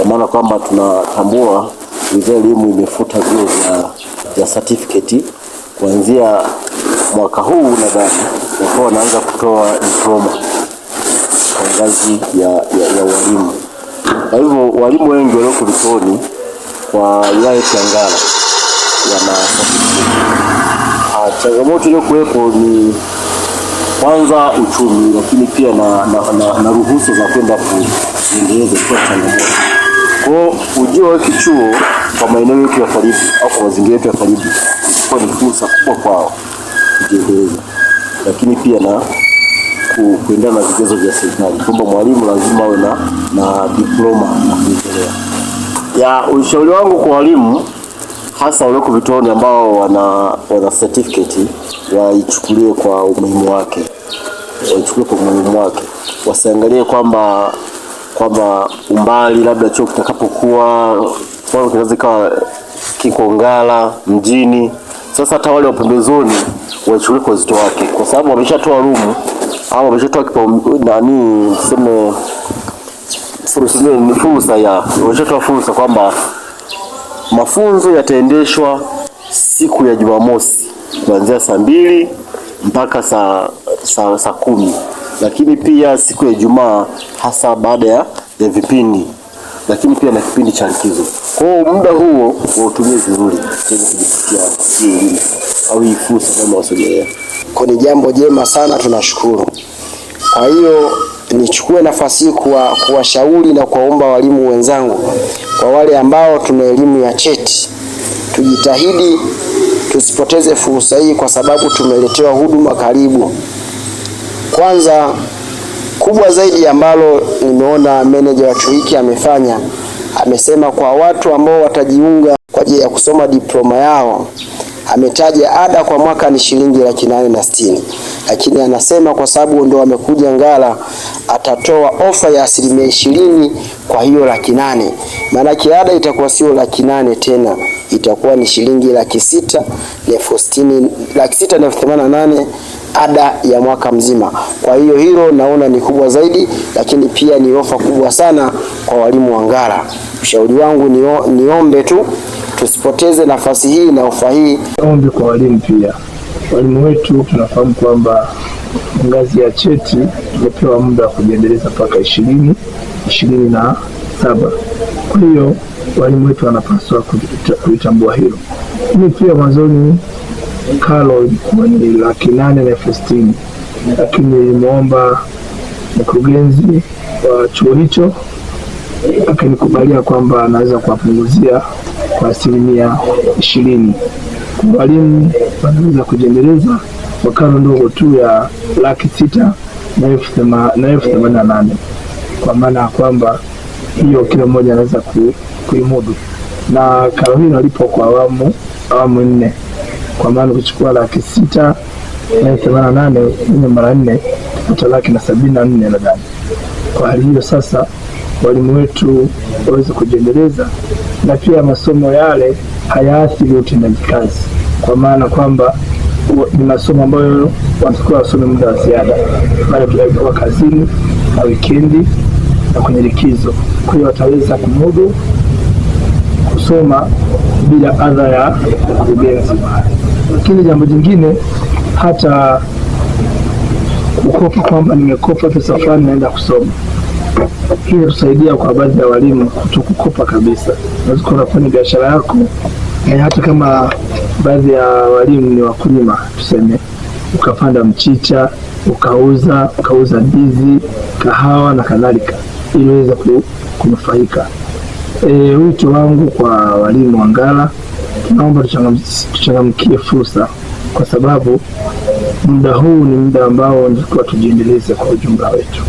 kwa maana kwamba tunatambua wizara ya elimu imefuta vyuo vya, vya certificate kuanzia mwaka huu nadhani wakawa wanaanza kutoa diploma kwa ngazi ya, ya, ya walimu. Kwa hivyo walimu wengi walioko Likoni kwa wilaya Changara wana Changamoto iliyokuwepo ni kwanza uchumi, lakini pia na, na, na, na ruhusa za kwenda kuendeleza kwa changamoto kwa hiyo ujio wa hiki chuo kwa maeneo yetu ya karibu au kwa mazingira yetu ya karibu kwa ni fursa kubwa kwao kujiendeleza, lakini pia na kuendana na vigezo vya serikali kwamba mwalimu lazima awe na na diploma na kuendelea. Ya ushauri wangu kwa walimu hasa walioko vituoni ambao wana wana certificate waichukulie kwa umuhimu wake, waichukulie kwa umuhimu wake, wasiangalie kwamba kwamba umbali labda chuo kitakapokuwa kinaweza ikawa kiko Ngara mjini. Sasa hata wale wa pembezoni wachukulie kwa uzito wake, kwa sababu wameshatoa rumu au wameshatoa nani, tuseme fursa ya wameshatoa fursa kwamba mafunzo yataendeshwa siku ya Jumamosi kuanzia saa mbili mpaka saa, sa, saa kumi lakini pia siku ya Ijumaa hasa baada ya vipindi, lakini pia na kipindi cha likizo. Kwa hiyo muda huo wautumie vizuri kujifikia au hii fursa kama wasogelea, kwa ni jambo jema sana, tunashukuru. Kwa hiyo nichukue nafasi hii kuwashauri na kuwaomba walimu wenzangu, kwa wale ambao tuna elimu ya cheti, tujitahidi tusipoteze fursa hii, kwa sababu tumeletewa huduma karibu. Kwanza kubwa zaidi ambalo nimeona meneja wa chuo hiki amefanya, amesema kwa watu ambao watajiunga kwa ajili ya kusoma diploma yao Ametaja ada kwa mwaka ni shilingi laki nane na sitini, lakini anasema kwa sababu ndo amekuja Ngara atatoa ofa ya asilimia ishirini kwa hiyo laki nane. Maanake ada itakuwa sio laki nane tena, itakuwa ni shilingi laki sita na elfu sitini, laki sita na elfu themanini na nane ada ya mwaka mzima. Kwa hiyo hilo naona ni kubwa zaidi, lakini pia ni ofa kubwa sana kwa walimu wa Ngara. Ushauri wangu niombe tu tusipoteze nafasi hii na ofa hii. Ombi kwa walimu pia, walimu wetu tunafahamu kwamba ngazi ya cheti tumepewa muda wa kujiendeleza mpaka ishirini ishirini na saba. Kwa hiyo walimu wetu wanapaswa kulitambua hilo, lakini pia mwanzoni karo ilikuwa ni laki nane na elfu sitini lakini nilimwomba mkurugenzi wa chuo hicho akinikubalia kwamba anaweza kuwapunguzia kwa asilimia ishirini. Walimu wanaweza kujiendeleza kwa karo ndogo tu ya laki sita na elfu themanini na nane kwa maana ya kwamba hiyo kila mmoja anaweza kuimudu, na karo hii inalipwa kwa awamu awamu nne, kwa maana kuchukua laki sita na elfu themanini na nane enye mara nne kupata laki na sabini na nne nadhani. Kwa hali hiyo sasa walimu wetu waweze kujiendeleza na pia masomo yale hayaathiri utendaji kazi, kwa maana kwamba ni masomo ambayo wanatakiwa wasome muda wa ziada pale tunaikiwa kazini na wikendi na kwenye likizo. Kwa hiyo wataweza kumudu kusoma bila adha ya mkurugenzi Lakini jambo jingine, hata kukopa kwamba nimekopa pesa fulani naenda kusoma hiyo tusaidia kwa baadhi ya walimu kutokukopa kabisa. Unaweza kuwa biashara yako e, hata kama baadhi ya walimu ni wakulima tuseme, ukapanda mchicha ukauza ukauza ndizi, kahawa na kadhalika, ili uweze kunufaika. E, wito wangu kwa walimu wa Ngara, tunaomba tuchangamkie fursa, kwa sababu muda huu ni muda ambao nilikuwa tujiendeleze kwa ujumla wetu.